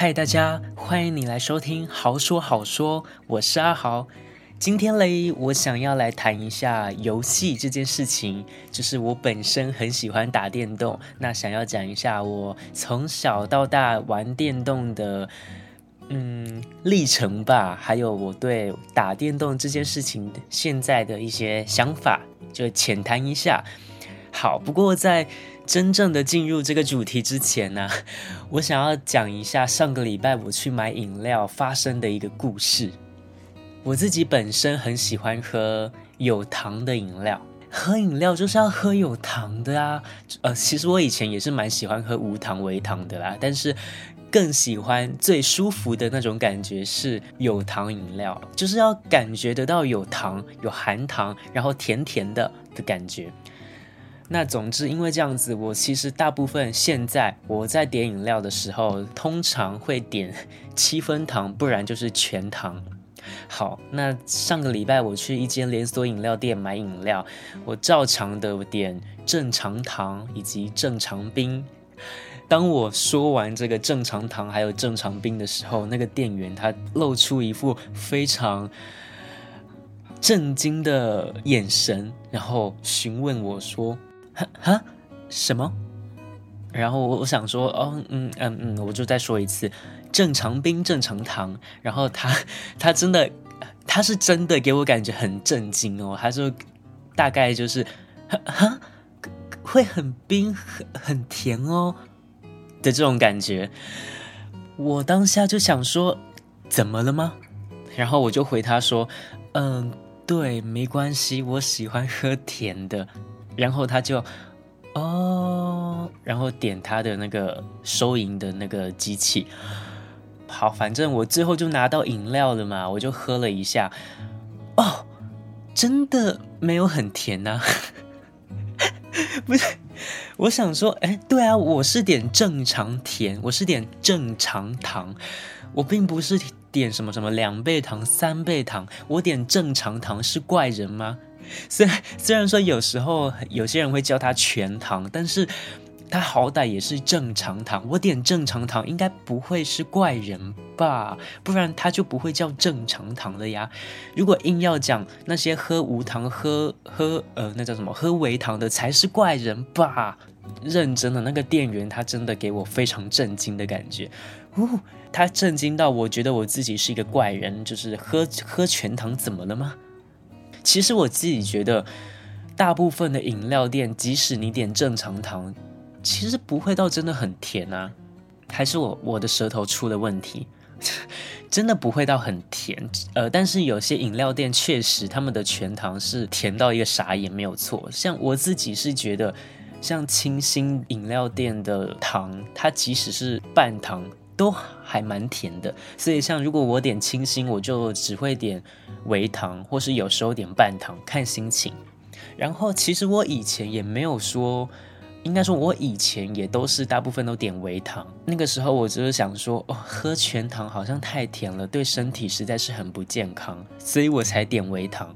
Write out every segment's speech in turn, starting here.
嗨，Hi, 大家歡迎你來收聽《好說好說》，我是阿豪。今天嘞，我想要來談一下遊戲這件事情。就是我本身很喜歡打電動，那想要講一下我從小到大玩電動的嗯歷程吧，還有我對打電動這件事情現在的一些想法，就淺談一下。好，不過在真正的進入這個主題之前呢、啊，我想要講一下上個禮拜我去買飲料發生的一個故事。我自己本身很喜歡喝有糖的飲料，喝飲料就是要喝有糖的啊。呃，其實我以前也是蠻喜歡喝無糖、微糖的啦，但是更喜歡最舒服的那種感覺是有糖飲料，就是要感覺得到有糖、有含糖，然後甜甜的的感覺。那總之，因為這樣子，我其實大部分現在我在點飲料的時候，通常會點七分糖，不然就是全糖。好，那上個禮拜我去一間連鎖飲料店買飲料，我照常的點正常糖以及正常冰。當我說完這個正常糖還有正常冰的時候，那個店員他露出一副非常震驚的眼神，然後詢問我說，哈？什麼？然後我我想說，哦，嗯嗯嗯，我就再說一次，正常冰，正常糖。然後他他真的，他是真的給我感覺很震驚哦。他就大概就是，哈，會很冰，很很甜哦的這種感覺。我當下就想說，怎麼了嗎？然後我就回他說，嗯，對，沒關係，我喜歡喝甜的。然後他就哦，然後點他的那個收銀的那個機器。好，反正我最後就拿到飲料了嘛，我就喝了一下。哦，真的沒有很甜吶。 不是，我想說，哎，對啊，我是點正常甜，我是點正常糖，我並不是點什麼什麼兩倍糖、三倍糖，我點正常糖是怪人嗎？雖雖然說有時候有些人會叫他全糖，但是他好歹也是正常糖。我點正常糖應該不會是怪人吧？不然他就不會叫正常糖了呀。如果硬要講那些喝無糖、喝喝呃，那叫什麼，喝微糖的才是怪人吧？認真的那個店員他真的給我非常震驚的感覺。嗚、哦，他震驚到我覺得我自己是一個怪人，就是喝喝全糖怎麼了嗎？其實我自己覺得，大部分的飲料店，即使你點正常糖，其實不會到真的很甜啊，還是我我的舌頭出了問題， 真的不會到很甜。呃，但是有些飲料店確實他們的全糖是甜到一個傻眼，沒有錯。像我自己是覺得，像清心飲料店的糖，它即使是半糖。都還蠻甜的，所以像如果我點清新，我就只會點微糖，或是有時候點半糖，看心情。然後其實我以前也沒有說，應該說我以前也都是大部分都點微糖。那個時候我只是想說，哦，喝全糖好像太甜了，對身體實在是很不健康，所以我才點微糖。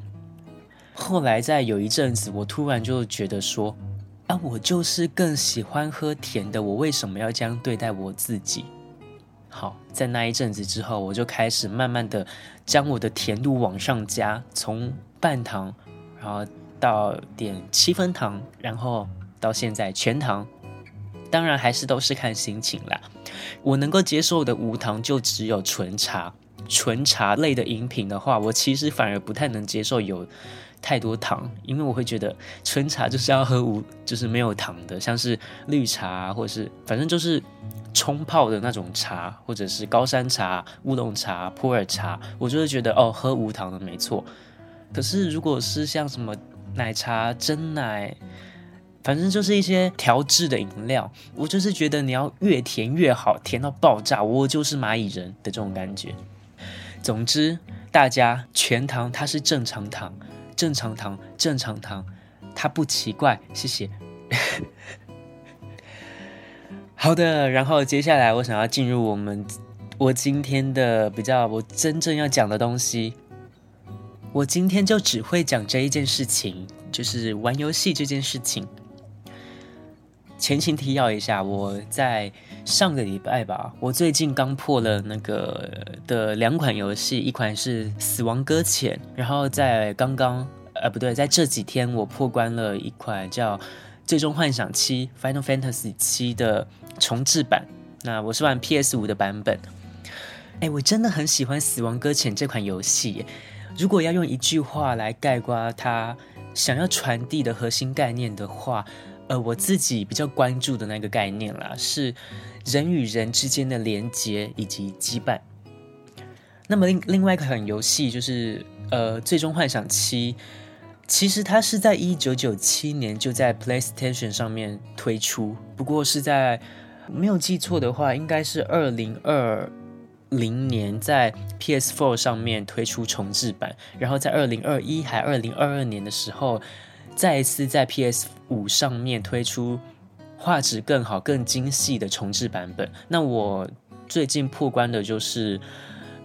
後來在有一陣子，我突然就覺得說，啊，我就是更喜歡喝甜的，我為什麼要這樣對待我自己？好，在那一陣子之後，我就開始慢慢地將我的甜度往上加，從半糖，然後到點七分糖，然後到現在全糖。當然還是都是看心情啦，我能夠接受的無糖就只有純茶，純茶類的飲品的話，我其實反而不太能接受有。太多糖，因為我會覺得純茶就是要喝無，就是沒有糖的，像是綠茶或者是反正就是沖泡的那種茶，或者是高山茶、烏龍茶、普洱茶，我就會覺得哦，喝無糖的沒錯。可是如果是像什麼奶茶、珍奶，反正就是一些調制的飲料，我就是覺得你要越甜越好，甜到爆炸，我就是螞蟻人的這種感覺。總之，大家全糖它是正常糖。正常糖，正常糖，它不奇怪。謝謝。 好的，然後接下來我想要進入我們，我今天的比較，我真正要講的東西，我今天就只會講這一件事情，就是玩遊戲這件事情。前情提要一下，我在上個禮拜吧，我最近剛破了那個的兩款遊戲，一款是《死亡擱淺》，然後在剛剛，呃，不對，在這幾天我破關了一款叫《最終幻想七》（Final Fantasy 七）的重製版。那我是玩 P S 五的版本。哎，我真的很喜歡《死亡擱淺》這款遊戲。如果要用一句話來概括它想要傳遞的核心概念的話，呃，我自己比較關注的那個概念啦，是人與人之間的連接以及羈絆。那麼另另外一個款遊戲就是，呃，《最終幻想七》，其實它是在一九九七年就在 PlayStation 上面推出，不過是在沒有記錯的話，應該是二零二零年在 PS4 上面推出重製版，然後在二零二一還二零二二年的時候，再一次在 PS 五上面推出畫質更好、更精細的重製版本。那我最近破關的就是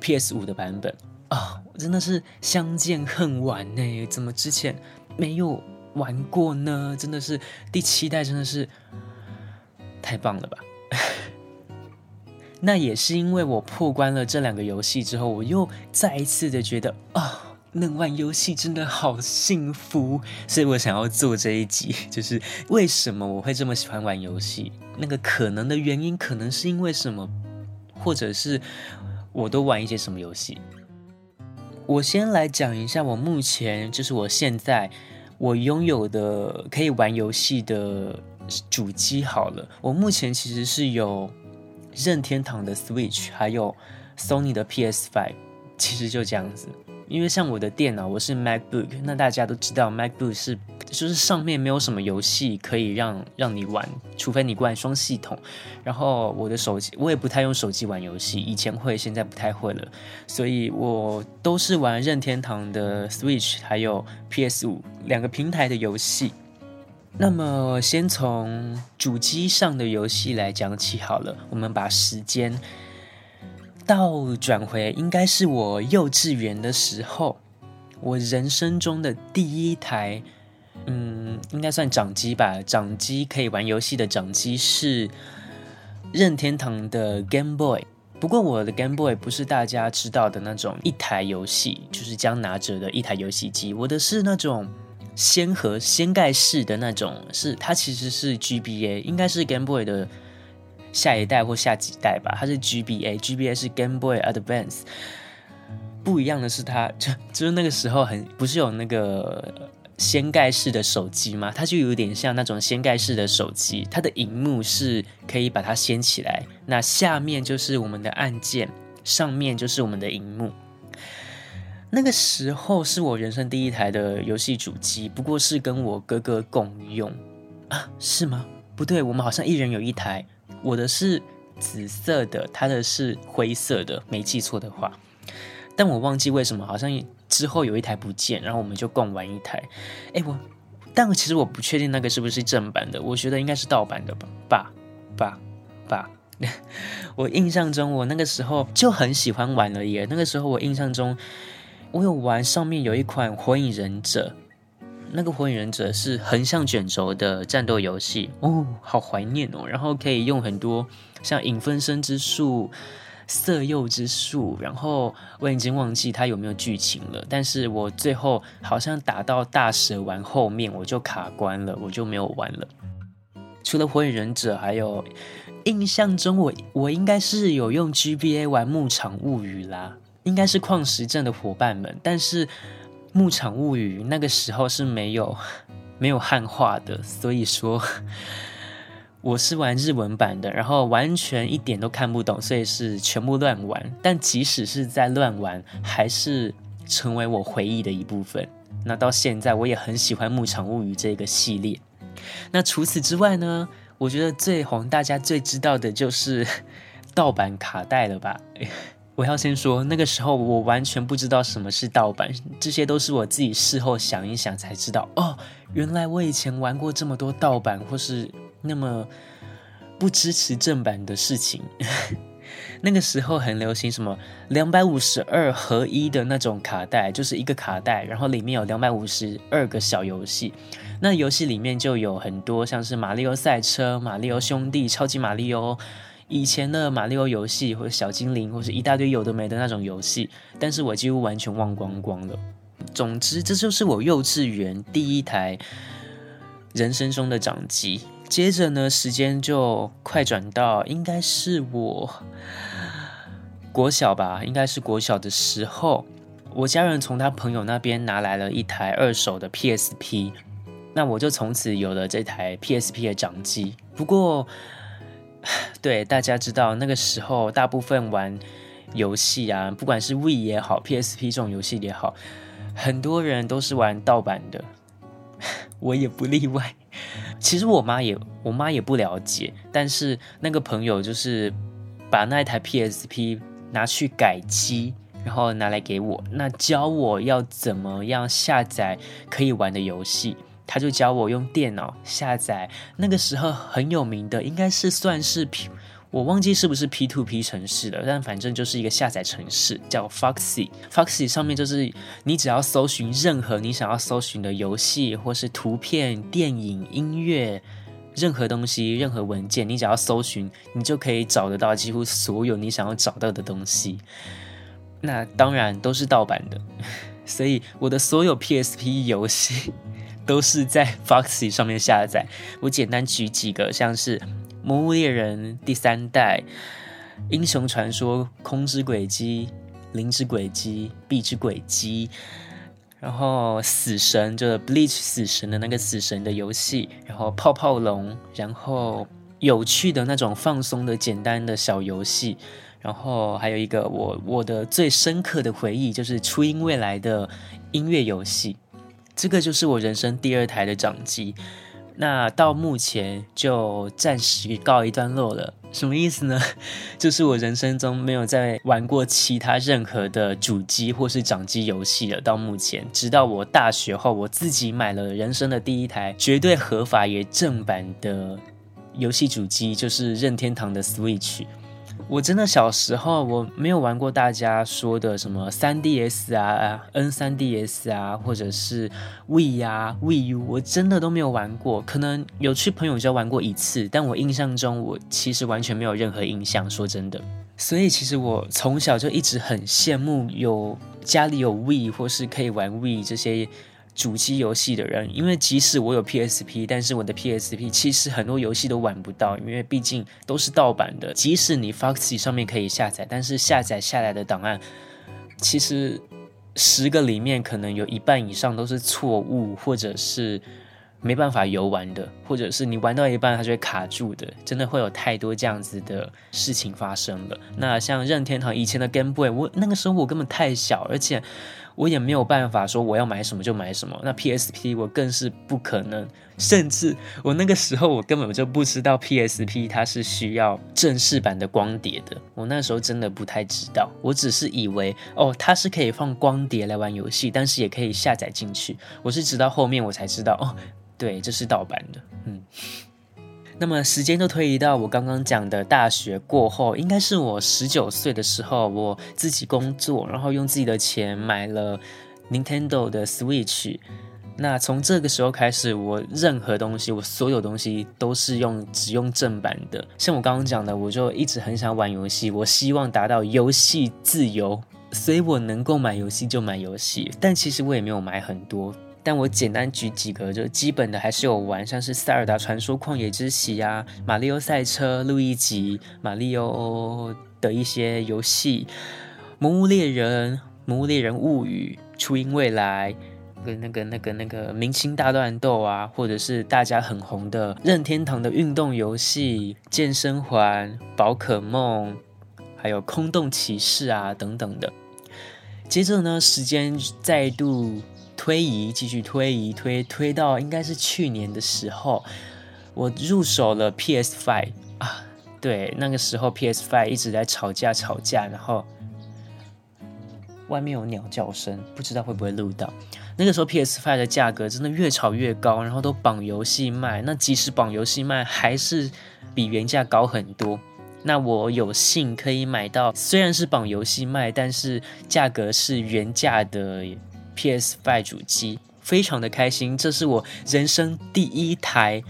PS 五的版本啊！我真的是相見恨晚呢，欸，怎麼之前沒有玩過呢？真的是第七代，真的是太棒了吧！ 那也是因為我破關了這兩個遊戲之後，我又再一次的覺得啊。能玩遊戲真的好幸福，所以我想要做這一集，就是為什麼我會這麼喜歡玩遊戲？那個可能的原因，可能是因為什麼，或者是我都玩一些什麼遊戲？我先來講一下，我目前就是我現在我擁有的可以玩遊戲的主機好了，我目前其實是有任天堂的 Switch，還有 Sony 的 PS5，其實就這樣子。因為像我的電腦，我是 MacBook，那大家都知道 MacBook 是，就是上面沒有什麼遊戲可以讓讓你玩，除非你灌雙系統。然後我的手機，我也不太用手機玩遊戲，以前會，現在不太會了。所以我都是玩任天堂的 Switch 還有 PS 五兩個平台的遊戲。那麼先從主機上的遊戲來講起好了，我們把時間。倒轉回應該是我幼稚園的時候，我人生中的第一台，嗯，應該算掌機吧。掌機可以玩遊戲的掌機是任天堂的 Game Boy。不過我的 Game Boy 不是大家知道的那種一台遊戲，就是將拿着的一台遊戲機。我的是那種掀盒掀蓋式的那種，是它其實是 GBA，應該是 Game Boy 的。下一代或下幾代吧，它是 GBA，GBA 是 Game Boy Advance。不一樣的是它，它就就是那個時候很不是有那個掀蓋式的手機嗎？它就有點像那種掀蓋式的手機，它的熒幕是可以把它掀起來，那下面就是我們的按鍵，上面就是我們的熒幕。那個時候是我人生第一台的遊戲主機，不過是跟我哥哥共用。啊，是嗎？不對，我們好像一人有一台。我的是紫色的，他的是灰色的，沒記錯的話，但我忘記為什麼，好像之後有一台不見，然後我們就共玩一台。哎，我，但我其實我不確定那個是不是正版的，我覺得應該是盜版的吧。吧吧吧。吧 我印象中我那個時候就很喜歡玩了耶，那個時候我印象中我有玩上面有一款《火影忍者》。那個火影忍者是橫向捲軸的戰鬥遊戲哦，好懷念哦。然後可以用很多像影分身之術、色誘之術，然後我已經忘記它有沒有劇情了。但是我最後好像打到大蛇丸後面，我就卡關了，我就沒有玩了。除了火影忍者，還有印象中我我應該是有用 GBA 玩《牧場物語》啦，應該是礦石鎮的夥伴們，但是。《牧場物語》那個時候是沒有沒有漢化的，所以說我是玩日文版的，然後完全一點都看不懂，所以是全部亂玩。但即使是在亂玩，還是成為我回憶的一部分。那到現在，我也很喜歡《牧場物語》這個系列。那除此之外呢？我覺得最紅、大家最知道的就是盜版卡帶了吧。我要先說，那個時候我完全不知道什麼是盜版，這些都是我自己事後想一想才知道。哦，原來我以前玩過這麼多盜版或是那麼不支持正版的事情。 那個時候很流行什麼兩百五十二合一的那種卡帶，就是一個卡帶，然後裡面有兩百五十二個小遊戲。那遊戲裡面就有很多像是馬里奧賽車、馬里奧兄弟、超級馬里奧。以前的馬里奧遊戲，或者小精靈，或者一大堆有的沒的那種遊戲，但是我幾乎完全忘光光了。總之，這就是我幼稚園第一台人生中的掌機。接着呢，時間就快轉到應該是我國小吧，應該是國小的時候，我家人從他朋友那邊拿來了一台二手的 PSP，那我就從此有了這台 PSP 的掌機。不過，對，大家知道，那個時候大部分玩遊戲啊，不管是 Wii 也好，PSP 這種遊戲也好，很多人都是玩盜版的。我也不例外。其實我媽也，我媽也不了解，但是那個朋友就是把那一台 PSP 拿去改機，然後拿來給我，那教我要怎麼樣下載可以玩的遊戲。他就教我用電腦下載，那個時候很有名的，應該是算是 P，我忘記是不是 P2P 城市了，但反正就是一個下載城市，叫 Foxy。Foxy 上面就是你只要搜尋任何你想要搜尋的遊戲，或是圖片、電影、音樂，任何東西、任何文件，你只要搜尋，你就可以找得到幾乎所有你想要找到的東西。那當然都是盜版的，所以我的所有 PSP 遊戲。 都是在 Foxy 上面下載。我簡單舉幾個，像是《魔物獵人》第三代、《英雄傳說》空之軌跡、零之軌跡、碧之軌跡，然後死神就是 Bleach 死神的那個死神的遊戲，然後泡泡龍，然後有趣的那種放鬆的簡單的小遊戲，然後還有一個我我的最深刻的回憶就是初音未來的音樂遊戲。這個就是我人生第二台的掌機，那到目前就暫時告一段落了。什麼意思呢？就是我人生中沒有再玩過其他任何的主機或是掌機遊戲了。到目前，直到我大學後，我自己買了人生的第一台絕對合法也正版的遊戲主機，就是任天堂的 Switch。我真的小時候我沒有玩過大家說的什麼 3DS 啊啊 N3DS 啊，或者是 Wii 呀 Wii U，我真的都沒有玩過。可能有去朋友家玩過一次，但我印象中我其實完全沒有任何印象。說真的，所以其實我從小就一直很羨慕有家裡有 Wii 或是可以玩 Wii 這些主機遊戲的人，因為即使我有 PSP，但是我的 PSP 其實很多遊戲都玩不到，因為畢竟都是盜版的。即使你 Foxy 上面可以下載，但是下載下來的檔案，其實十個裡面可能有一半以上都是錯誤，或者是沒辦法遊玩的，或者是你玩到一半它就會卡住的。真的會有太多這樣子的事情發生了。那像任天堂以前的 Game Boy，我那個時候我根本太小，而且，我也沒有辦法說我要買什麼就買什麼，那 PSP 我更是不可能，甚至我那個時候我根本就不知道 PSP 它是需要正式版的光碟的，我那時候真的不太知道，我只是以為哦它是可以放光碟來玩遊戲，但是也可以下載進去，我是直到後面我才知道哦，對，這是盜版的，嗯。那麼時間就推移到我剛剛講的大學過後，應該是我十九歲的時候，我自己工作，然後用自己的錢買了 Nintendo 的 Switch。那從這個時候開始，我任何東西，我所有東西都是用，只用正版的。像我剛剛講的，我就一直很想玩遊戲，我希望達到遊戲自由，所以我能夠買遊戲就買遊戲，但其實我也沒有買很多。但我簡單舉幾個，就基本的還是有玩，像是《塞爾達傳說：曠野之息》呀，《馬里奧賽車》、《路易吉》、《馬利奧》的一些遊戲，《魔物獵人》、《魔物獵人物語》、《初音未來》那個、跟那個、那個、那個《明星大亂鬥》啊，或者是大家很紅的任天堂的運動遊戲，《健身環》、《寶可夢》，還有《空洞騎士》啊等等的。接着呢，時間再度，推移，繼續推移，推推到應該是去年的時候，我入手了 PS Five 啊，對，那個時候 PS Five 一直在炒價炒價，然後外面有鳥叫聲，不知道會不會錄到。那個時候 PS Five 的價格真的越炒越高，然後都綁遊戲賣，那即使綁遊戲賣，還是比原價高很多。那我有幸可以買到，雖然是綁遊戲賣，但是價格是原價的。PS Five 主機非常的開心，這是我人生第一台，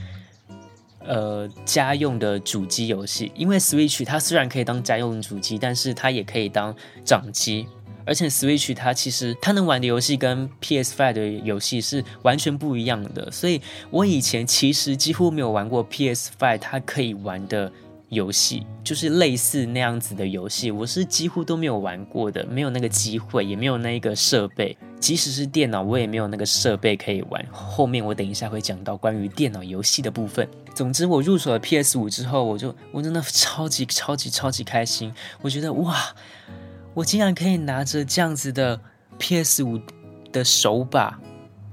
呃，家用的主機遊戲。因為 Switch 它雖然可以當家用主機，但是它也可以當掌機。而且 Switch 它其實它能玩的遊戲跟 PS Five 的遊戲是完全不一樣的，所以我以前其實幾乎沒有玩過 PS Five 它可以玩的遊戲就是類似那樣子的遊戲，我是幾乎都沒有玩過的，沒有那個機會，也沒有那一個設備。即使是電腦，我也沒有那個設備可以玩。後面我等一下會講到關於電腦遊戲的部分。總之，我入手了 PS5 之後，我就我真的超級超級超級開心。我覺得哇，我竟然可以拿着這樣子的 PS5 的手把，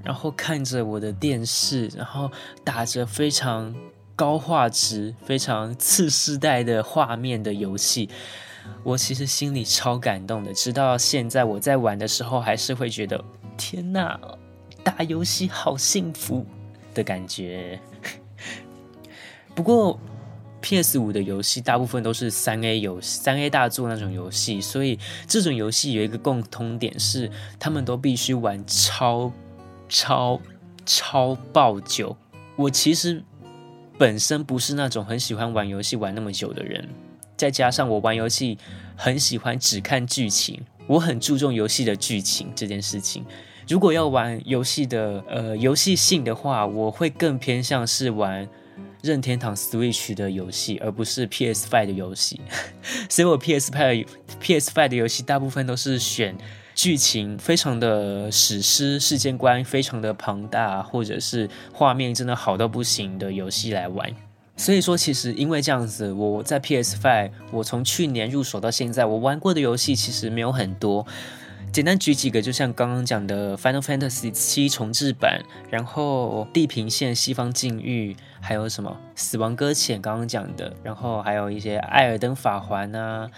然後看着我的電視，然後打着非常，高畫質、非常次世代的畫面的遊戲，我其實心裡超感動的。直到現在，我在玩的時候還是會覺得“天哪，打遊戲好幸福”的感覺。不過，P S 五的遊戲大部分都是三 A 遊戲、三 A 大作那種遊戲，所以這種遊戲有一個共通點是，他們都必須玩超超超爆久。我其實。本身不是那種很喜歡玩遊戲玩那麼久的人，再加上我玩遊戲很喜歡只看劇情，我很注重遊戲的劇情這件事情。如果要玩遊戲的呃遊戲性的話，我會更偏向是玩任天堂 Switch 的遊戲，而不是 PS Five 的遊戲。 所以我 PS Five PS Five 的遊戲大部分都是選。劇情非常的史詩，世界觀非常的龐大，或者是畫面真的好到不行的遊戲來玩。所以說，其實因為這樣子，我在 PS Five，我從去年入手到現在，我玩過的遊戲其實沒有很多。簡單舉幾個，就像剛剛講的《Final Fantasy 七重製版》，然後《地平線：西方禁域》，還有什麼《死亡擱淺》剛剛講的，然後還有一些《艾爾登法環》啊。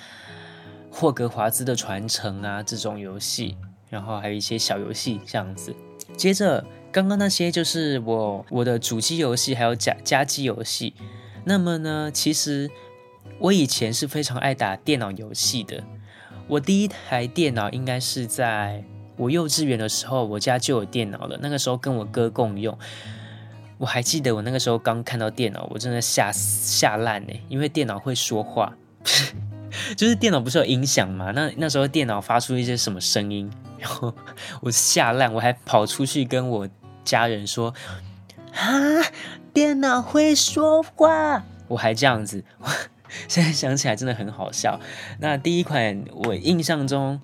霍格華茲的傳承啊，這種遊戲，然後還有一些小遊戲這樣子。接着，剛剛那些就是我我的主機遊戲，還有家家機遊戲。那麼呢，其實我以前是非常愛打電腦遊戲的。我第一台電腦應該是在我幼稚園的時候，我家就有電腦了。那個時候跟我哥共用。我還記得我那個時候剛看到電腦，我真的嚇死嚇爛呢，因為電腦會說話。 就是電腦不是有音響嘛？那那時候電腦發出一些什麼聲音，然 後我嚇爛，我還跑出去跟我家人說：“啊，電腦會說話！”我還這樣子我，現在想起來真的很好笑。那第一款我印象中，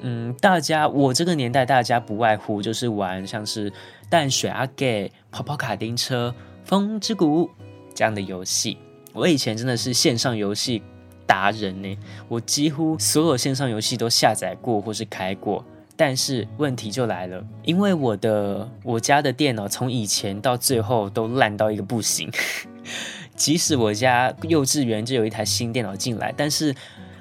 嗯，大家我這個年代大家不外乎就是玩像是《淡水阿給》、《跑跑卡丁車》、《風之谷》這樣的遊戲。我以前真的是線上遊戲。達人呢、欸，我幾乎所有線上遊戲都下載過或是開過，但是問題就來了，因為我的我家的電腦從以前到最後都爛到一個不行，呵呵。即使我家幼稚園就有一台新電腦進來，但是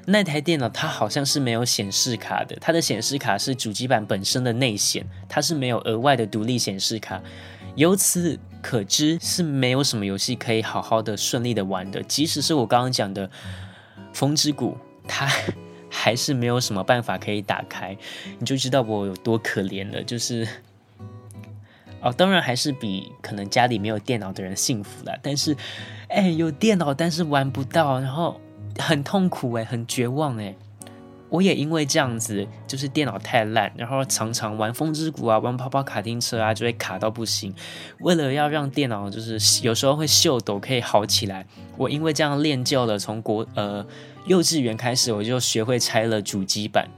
那台電腦它好像是沒有顯示卡的，它的顯示卡是主機板本身的內顯，它是沒有額外的獨立顯示卡。由此可知，是沒有什麼遊戲可以好好的順利的玩的，即使是我剛剛講的。風之谷，它還是沒有什麼辦法可以打開，你就知道我有多可憐了。就是，哦，當然還是比可能家裡沒有電腦的人幸福啦，但是，哎，有電腦但是玩不到，然後很痛苦哎，很絕望哎。我也因為這樣子，就是電腦太爛，然後常常玩《風之谷》啊，玩《跑跑卡丁車》啊，就會卡到不行。為了要讓電腦，就是有時候會秀逗，可以好起來，我因為這樣練就了。從國呃幼稚園開始，我就學會拆了主機板。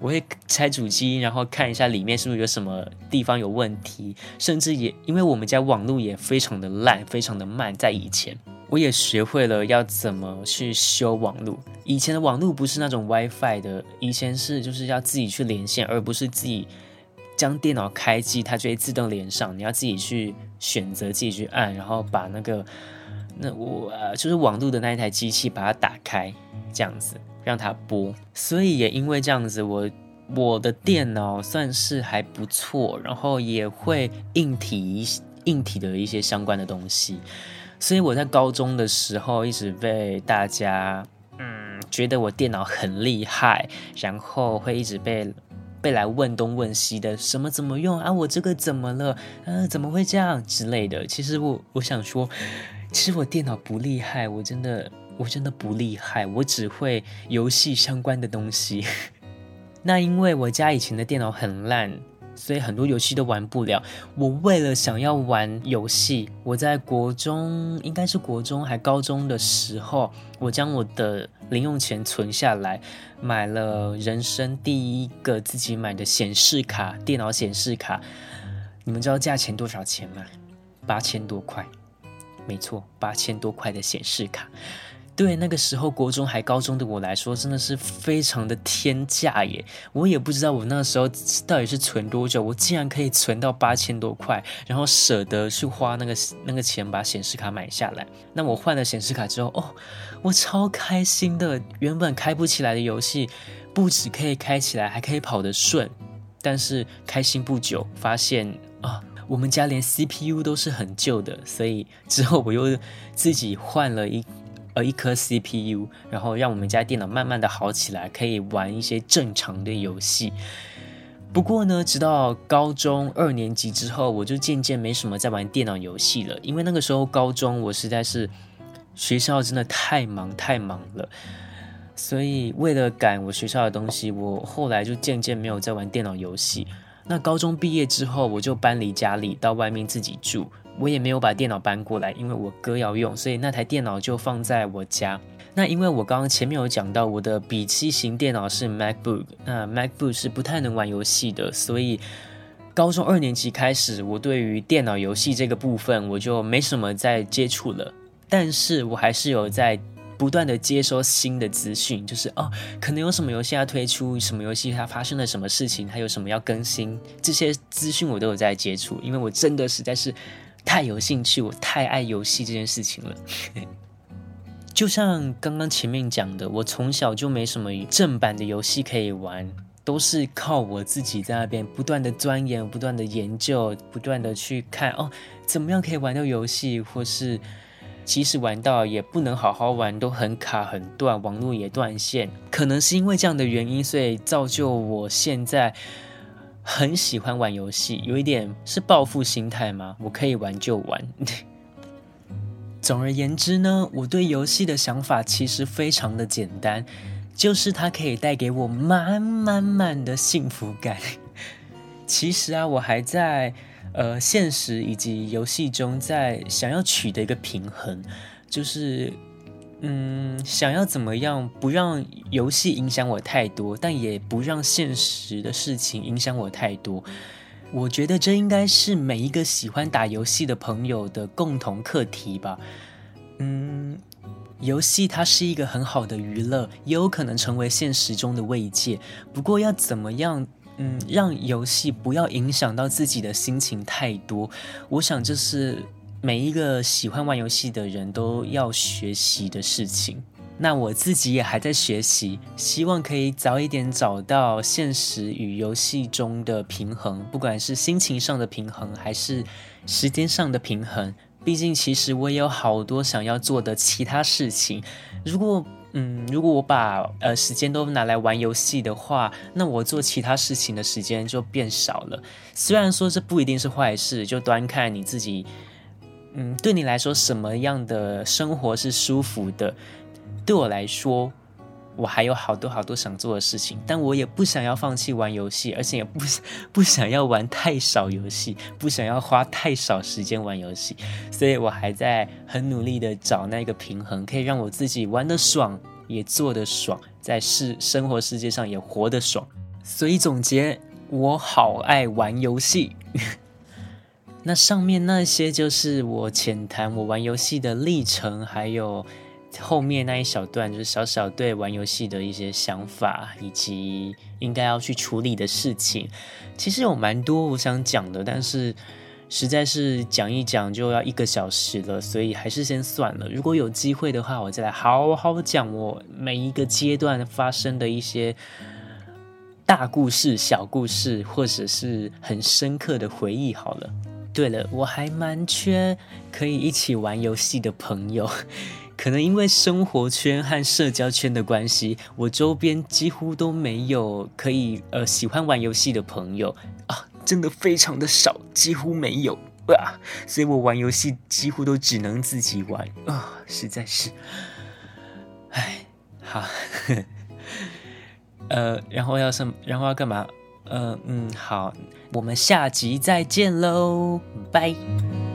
我會拆主機，然後看一下裡面是不是有什麼地方有問題，甚至也因為我們家網絡也非常的爛，非常的慢，在以前。我也學會了要怎麼去修網路。以前的網路不是那種 WiFi 的，以前是就是要自己去連線，而不是自己將電腦開機它就會自動連上。你要自己去選擇，自己去按，然後把那個那我就是網路的那一台機器把它打開，這樣子讓它播。所以也因為這樣子，我我的電腦算是還不錯，然後也會硬體硬體的一些相關的東西。所以我在高中的時候，一直被大家嗯覺得我電腦很厲害，然後會一直被被來問東問西的，什麼怎麼用啊？我這個怎麼了？嗯，啊，怎麼會這樣之類的？其實我我想說，其實我電腦不厲害，我真的我真的不厲害，我只會遊戲相關的東西。那因為我家以前的電腦很爛。所以很多遊戲都玩不了。我為了想要玩遊戲，我在國中應該是國中還高中的時候，我將我的零用錢存下來，買了人生第一個自己買的顯示卡，電腦顯示卡。你們知道價錢多少錢嗎？八千多塊，沒錯，八千多塊的顯示卡。對，那個時候，國中還高中的我來說，真的是非常的天價耶！我也不知道我那個時候到底是存多久，我竟然可以存到八千多塊，然後捨得去花那個那個錢把顯示卡買下來。那我換了顯示卡之後，哦，我超開心的，原本開不起來的遊戲，不止可以開起來，還可以跑得順。但是開心不久，發現啊，我們家連 CPU 都是很舊的，所以之後我又自己換了一和一顆 CPU，然後讓我們家電腦慢慢的好起來，可以玩一些正常的遊戲。不過呢，直到高中二年級之後，我就漸漸沒什麼在玩電腦遊戲了，因為那個時候高中我實在是學校真的太忙太忙了，所以為了趕我學校的東西，我後來就漸漸沒有在玩電腦遊戲。那高中畢業之後，我就搬離家裡，到外面自己住。我也沒有把電腦搬過來，因為我哥要用，所以那台電腦就放在我家。那因為我剛剛前面有講到，我的筆記型電腦是 MacBook，那 MacBook 是不太能玩遊戲的，所以高中二年級開始，我對於電腦遊戲這個部分我就沒什麼再接觸了。但是我還是有在不斷的接收新的資訊，就是哦，可能有什麼遊戲要推出，什麼遊戲它發生了什麼事情，還有什麼要更新，這些資訊我都有在接觸，因為我真的實在是。太有興趣，我太愛遊戲這件事情了。 就像剛剛前面講的，我從小就沒什麼正版的遊戲可以玩，都是靠我自己在那邊不斷的鑽研、不斷的研究、不斷的去看哦，怎麼樣可以玩到遊戲，或是即使玩到也不能好好玩，都很卡、很斷，網絡也斷線。可能是因為這樣的原因，所以造就我現在。很喜歡玩遊戲，有一點是報復心態嗎？我可以玩就玩。總而言之呢，我對遊戲的想法其實非常的簡單，就是它可以帶給我滿滿滿的幸福感。其實啊，我還在呃現實以及遊戲中在想要取得一個平衡，就是。嗯，想要怎麼樣不讓遊戲影響我太多，但也不讓現實的事情影響我太多。我覺得這應該是每一個喜歡打遊戲的朋友的共同課題吧。嗯，遊戲它是一個很好的娛樂，也有可能成為現實中的慰藉。不過要怎麼樣，嗯，讓遊戲不要影響到自己的心情太多。我想這是。每一個喜歡玩遊戲的人都要學習的事情。那我自己也還在學習，希望可以早一點找到現實與遊戲中的平衡，不管是心情上的平衡，還是時間上的平衡。畢竟，其實我也有好多想要做的其他事情。如果，嗯，如果我把呃時間都拿來玩遊戲的話，那我做其他事情的時間就變少了。雖然說這不一定是壞事，就端看你自己。嗯，對你來說什麼樣的生活是舒服的？對我來說，我還有好多好多想做的事情，但我也不想要放棄玩遊戲，而且也不不想要玩太少遊戲，不想要花太少時間玩遊戲，所以我還在很努力地找那個平衡，可以讓我自己玩得爽，也做得爽，在世生活世界上也活得爽。所以總結，我好愛玩遊戲。 那上面那些就是我淺談我玩遊戲的歷程，還有後面那一小段就是小小對玩遊戲的一些想法，以及應該要去處理的事情，其實有蠻多我想講的，但是實在是講一講就要一個小時了，所以還是先算了。如果有機會的話，我再來好好講我每一個階段發生的一些大故事、小故事，或者是很深刻的回憶。好了。對了，我還蠻缺可以一起玩遊戲的朋友，可能因為生活圈和社交圈的關係，我周邊幾乎都沒有可以呃喜歡玩遊戲的朋友啊，真的非常的少，幾乎沒有啊，所以我玩遊戲幾乎都只能自己玩啊，哦，實在是，哎，好呵呵，呃，然後要什，然後要幹嘛？嗯、呃、嗯，好，我們下集再見嘍，拜拜。拜拜。